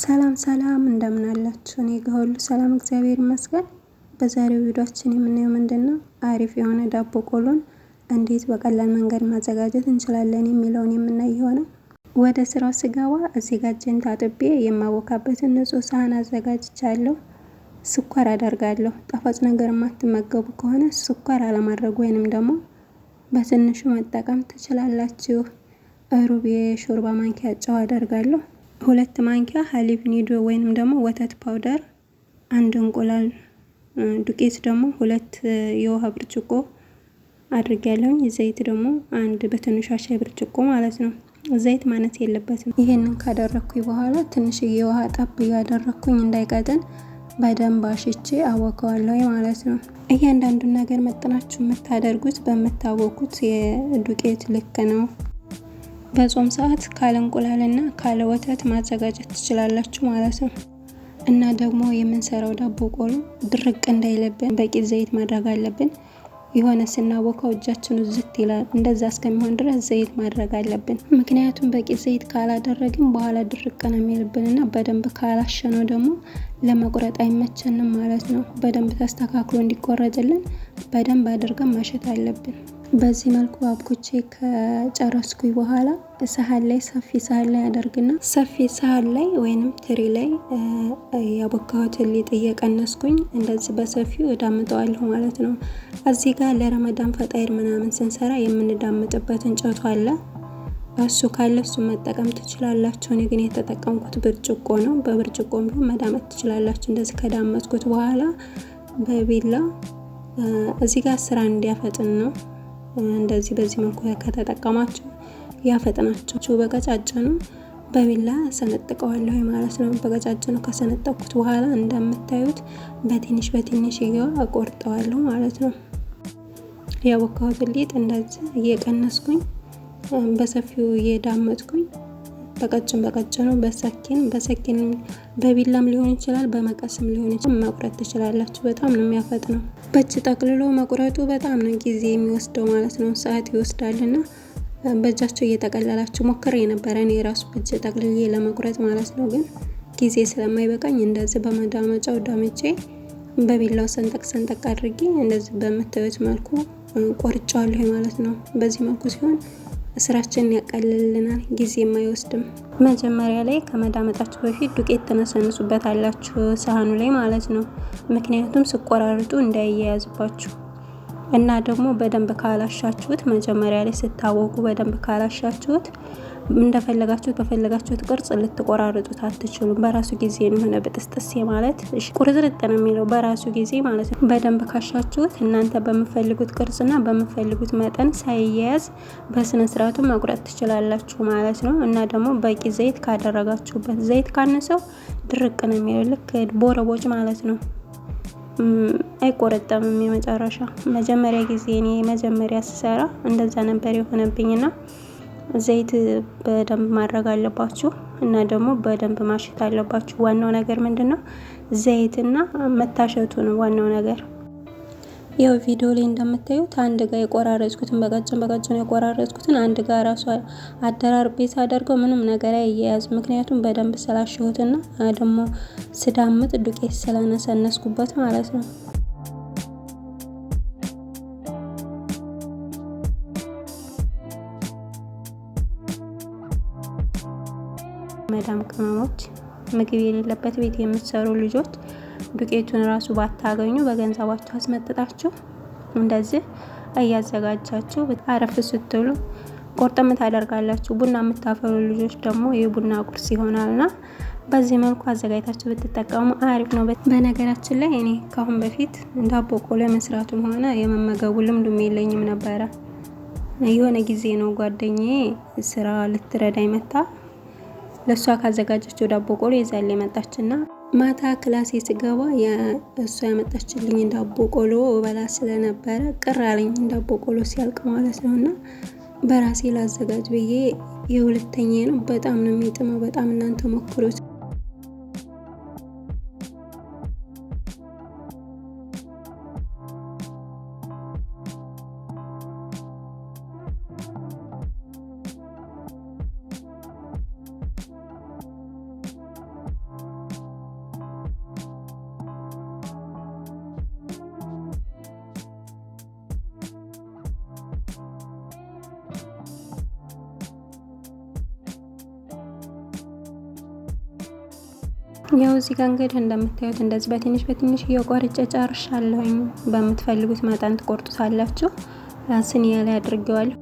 ሰላም ሰላም እንደምን አላችሁ? እኔ ጋር ሁሉ ሰላም እግዚአብሔር ይመስገን። በዛሬው ቪዲዮአችን የምናየው ምንድን ነው አሪፍ የሆነ ዳቦ ቆሎን እንዴት በቀላል መንገድ ማዘጋጀት እንችላለን የሚለውን የምናይ ይሆናል። ወደ ስራው ስገባ አዘጋጀን ታጥቤ የማቦካበትን ንጹህ ሳህን አዘጋጅቻለሁ። ስኳር አደርጋለሁ። ጣፋጭ ነገር የማትመገቡ ከሆነ ስኳር አለማድረግ ወይንም ደግሞ በትንሹ መጠቀም ትችላላችሁ። ሩብ የሾርባ ማንኪያ ጨው አደርጋለሁ። ሁለት ማንኪያ ሀሊብ ኒዶ ወይንም ደግሞ ወተት ፓውደር፣ አንድ እንቁላል ዱቄት ደግሞ ሁለት የውሃ ብርጭቆ ያለውኝ ዘይት ደግሞ አንድ በትንሹ ሻይ ብርጭቆ ማለት ነው። ዘይት ማነት የለበትም። ይሄንን ካደረኩኝ በኋላ ትንሽዬ የውሃ ጣብ እያደረኩኝ እንዳይቀጥን በደንብ አሽቼ አወቀዋለሁ ማለት ነው። እያንዳንዱን ነገር መጥናችሁ የምታደርጉት በምታወቁት የዱቄት ልክ ነው። በጾም ሰዓት ካለ እንቁላልና ካለ ወተት ማዘጋጀት ትችላላችሁ ማለት ነው። እና ደግሞ የምንሰራው ዳቦ ቆሎ ድርቅ እንዳይለብን በቂ ዘይት ማድረግ አለብን። የሆነ ስናቦካው እጃችን ዝት ይላል። እንደዛ እስከሚሆን ድረስ ዘይት ማድረግ አለብን። ምክንያቱም በቂ ዘይት ካላደረግን በኋላ ድርቅ ነው የሚልብን እና በደንብ ካላሸነው ደግሞ ለመቁረጥ አይመቸንም ማለት ነው። በደንብ ተስተካክሎ እንዲቆረጥልን በደንብ አድርገን ማሸት አለብን። በዚህ መልኩ አብኩቼ ከጨረስኩኝ በኋላ ሳህን ላይ ሰፊ ሳህን ላይ አደርግና ሰፊ ሳህን ላይ ወይንም ትሪ ላይ ያቦካሁትን ሊጥ እየቀነስኩኝ እንደዚህ በሰፊው እዳምጠዋለሁ ማለት ነው። እዚህ ጋር ለረመዳን ፈጣይር ምናምን ስንሰራ የምንዳምጥበት እንጨቱ አለ። እሱ ካለ እሱ መጠቀም ትችላላችሁ። እኔ ግን የተጠቀምኩት ብርጭቆ ነው። በብርጭቆም ቢሆን መዳመጥ ትችላላችሁ። እንደዚህ ከዳመጥኩት በኋላ በቢላ እዚህ ጋር ስራ እንዲያፈጥን ነው እንደዚህ በዚህ መልኩ ከተጠቀማቸው ያፈጥናቸው። በቀጫጭ ነው በቢላ ሰነጥቀዋለሁ ማለት ነው። በቀጫጭ ነው ከሰነጠኩት በኋላ እንደምታዩት በትንሽ በትንሽ እየዋ አቆርጠዋለሁ ማለት ነው። ያቦካሁትን ሊጥ እንደዚህ እየቀነስኩኝ በሰፊው እየዳመጥኩኝ በቀጭን በቀጭኑ በሰኪን በሰኪን በቢላም ሊሆን ይችላል፣ በመቀስም ሊሆን ይችላል። መቁረጥ ትችላላችሁ። በጣም ነው የሚያፈጥ ነው። በእጅ ጠቅልሎ መቁረጡ በጣም ነው ጊዜ የሚወስደው ማለት ነው፣ ሰዓት ይወስዳልና በእጃቸው እየጠቀለላችሁ ሞከር የነበረ እኔ የራሱ በእጅ ጠቅልዬ ለመቁረጥ ማለት ነው። ግን ጊዜ ስለማይበቃኝ እንደዚህ በመዳመጫው ዳምቼ በቢላው ሰንጠቅ ሰንጠቅ አድርጌ እንደዚህ በምታዩት መልኩ ቆርጫዋለሁ ማለት ነው። በዚህ መልኩ ሲሆን ስራችንን ያቀልልናል፣ ጊዜ አይወስድም። መጀመሪያ ላይ ከመዳመጣችሁ በፊት ዱቄት ተነሰንሱበት አላችሁ ሳህኑ ላይ ማለት ነው። ምክንያቱም ስቆራርጡ እንዳይያያዝባችሁ እና ደግሞ በደንብ ካላሻችሁት መጀመሪያ ላይ ስታወቁ በደንብ ካላሻችሁት እንደፈለጋችሁት በፈለጋችሁት ቅርጽ ልትቆራርጡት አትችሉም። በራሱ ጊዜ የሆነ ብጥስጥስ ማለት ቁርጥርጥ ነው የሚለው በራሱ ጊዜ ማለት ነው። በደንብ ካሻችሁት እናንተ በምፈልጉት ቅርጽና በምፈልጉት መጠን ሳይያያዝ በስነ መቁረጥ ትችላላችሁ ማለት ነው። እና ደግሞ በቂ ዘይት ካደረጋችሁበት ዘይት ካነሰው ድርቅ ነው የሚለው ልክ ቦረቦጭ ማለት ነው። አይቆረጠምም። የመጨረሻ መጀመሪያ ጊዜ እኔ መጀመሪያ ስሰራ እንደዛ ነበር የሆነብኝና ዘይት በደንብ ማድረግ አለባችሁ እና ደግሞ በደንብ ማሸት አለባችሁ። ዋናው ነገር ምንድን ነው? ዘይትና መታሸቱ ነው ዋናው ነገር። ያው ቪዲዮ ላይ እንደምታዩት አንድ ጋር የቆራረጽኩትን በቀጭን በቀጭን የቆራረጽኩትን አንድ ጋር ራሱ አደራርቤ ሳደርገው ምንም ነገር አይያያዝ። ምክንያቱም በደንብ ስላሸሁትና ደግሞ ስዳምጥ ዱቄት ስለነሰነስኩበት ማለት ነው። መዳም ቅመሞች ምግብ የሌለበት ቤት የምትሰሩ ልጆች ዱቄቱን ራሱ ባታገኙ በገንዘባችሁ አስመጥጣችሁ እንደዚህ እያዘጋጃችሁ አረፍ ስትሉ ቆርጠም ታደርጋላችሁ። ቡና የምታፈሉ ልጆች ደግሞ የቡና ቁርስ ይሆናልና በዚህ መልኩ አዘጋጅታችሁ ብትጠቀሙ አሪፍ ነው። በነገራችን ላይ እኔ ካሁን በፊት ዳቦ ቆሎ መስራቱም ሆነ የመመገቡ ልምዱም የለኝም ነበረ። የሆነ ጊዜ ነው ጓደኛዬ ስራ ልትረዳኝ መጣ። ለእሷ ካዘጋጀችው ዳቦ ቆሎ ይዛል የመጣች ና ማታ ክላሴ ስገባ እሷ ያመጣችልኝ ዳቦ ቆሎ በላ ስለነበረ ቅር አለኝ። ዳቦ ቆሎ ሲያልቅ ማለት ነው እና በራሴ ላዘጋጅ ብዬ የሁለተኛ ነው። በጣም ነው የሚጥመው። በጣም እናንተ ሞክሩት። ያው እዚህ ጋር እንግዲህ እንደምታዩት እንደዚህ በትንሽ በትንሽ እየቆርጬ ጨርሻለሁኝ። በምትፈልጉት መጠን ትቆርጡታላችሁ። ስኒያ ላይ አድርጌዋለሁ።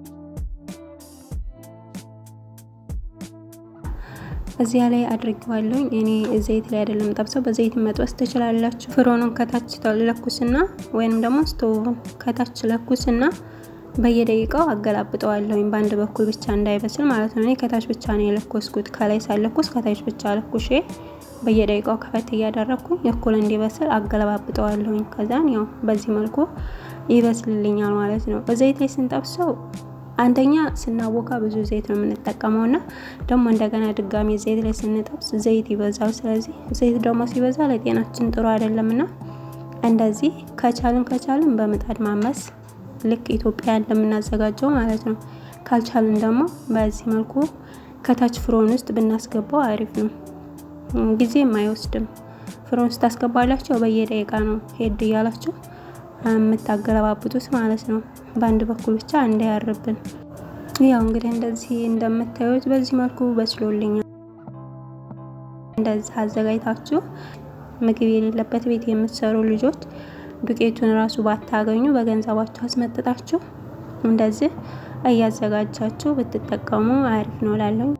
እዚያ ላይ አድርጌዋለሁኝ። እኔ ዘይት ላይ አይደለም ጠብሰው፣ በዘይት መጥበስ ትችላላችሁ። ፍሮኑን ከታች ለኩስና ወይንም ደግሞ ስቶቭን ከታች ለኩስና በየደቂቃው አገላብጠዋለሁኝ። በአንድ በኩል ብቻ እንዳይበስል ማለት ነው። እኔ ከታች ብቻ ነው የለኮስኩት። ከላይ ሳለኩስ ከታች ብቻ ለኩሼ በየደቂቃው ከፈት እያደረግኩኝ እኩል እንዲበስል አገለባብጠዋለሁኝ። ከዛን ያው በዚህ መልኩ ይበስልልኛል ማለት ነው። በዘይት ላይ ስንጠብሰው አንደኛ ስናቦካ ብዙ ዘይት ነው የምንጠቀመው እና ደግሞ እንደገና ድጋሚ ዘይት ላይ ስንጠብስ ዘይት ይበዛል። ስለዚህ ዘይት ደግሞ ሲበዛ ለጤናችን ጥሩ አይደለም እና እንደዚህ ከቻልን ከቻልን በምጣድ ማመስ ልክ ኢትዮጵያ እንደምናዘጋጀው ማለት ነው። ካልቻልን ደግሞ በዚህ መልኩ ከታች ፍሮን ውስጥ ብናስገባው አሪፍ ነው። ጊዜም አይወስድም። ፍሮን ስታስገባላቸው በየደቂቃ ነው ሄድ እያላቸው የምታገለባብጡት ማለት ነው። በአንድ በኩል ብቻ እንዳያርብን። ያው እንግዲህ እንደዚህ እንደምታዩት በዚህ መልኩ በስሎልኛል። እንደዚህ አዘጋጅታችሁ ምግብ የሌለበት ቤት የምትሰሩ ልጆች ዱቄቱን ራሱ ባታገኙ በገንዘባችሁ አስመጥጣችሁ እንደዚህ እያዘጋጃችሁ ብትጠቀሙ አሪፍ ነው እላለሁ።